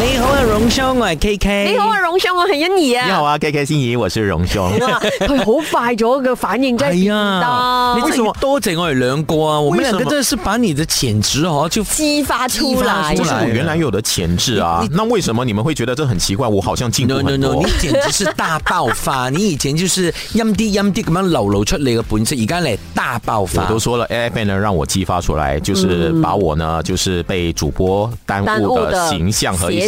你好啊，榮兄，我係 K K。你好啊，榮兄，我係欣怡啊。你好啊，K K 欣怡，我是榮兄。你好、啊、他好快咗個反應真係變你多謝我、啊、為什麼都整我兩個啊？我們兩個真的是把你的潛質哦就激發，激發出來。這是我原來有的潛質啊。那為什麼你們會覺得這很奇怪？我好像進步了、no, no, no, no, 你簡直是大爆發！ 你以前就是陰跌陰跌咁樣流露出嚟嘅本質，而家咧大爆發。我都說了，A F N 呢讓我激發出來，就是把我呢，就是被主播耽誤的形象和一。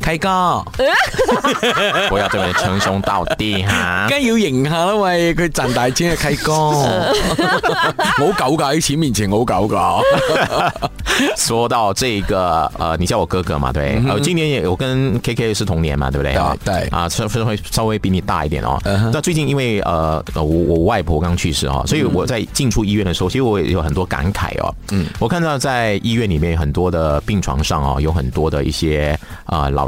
K 哥，不 要對你稱兄道弟哈，梗要贏下啦喂，佢賺大錢嘅 K 哥，我好狗噶喺錢面前好狗噶。 說到這個，呃，你叫我哥哥嘛？對，對、mm -hmm. 呃，今年也我跟 K K 是同年嘛？對不對？對、yeah,，啊，稍微稍微比你大一點哦。那、uh -huh. 最近因為呃，我我外婆剛去世啊，所以我在進出醫院的時候，其實我也有很多感慨哦。嗯、mm -hmm.，我看到在醫院裏面很多的病床上啊，有很多的一些啊老。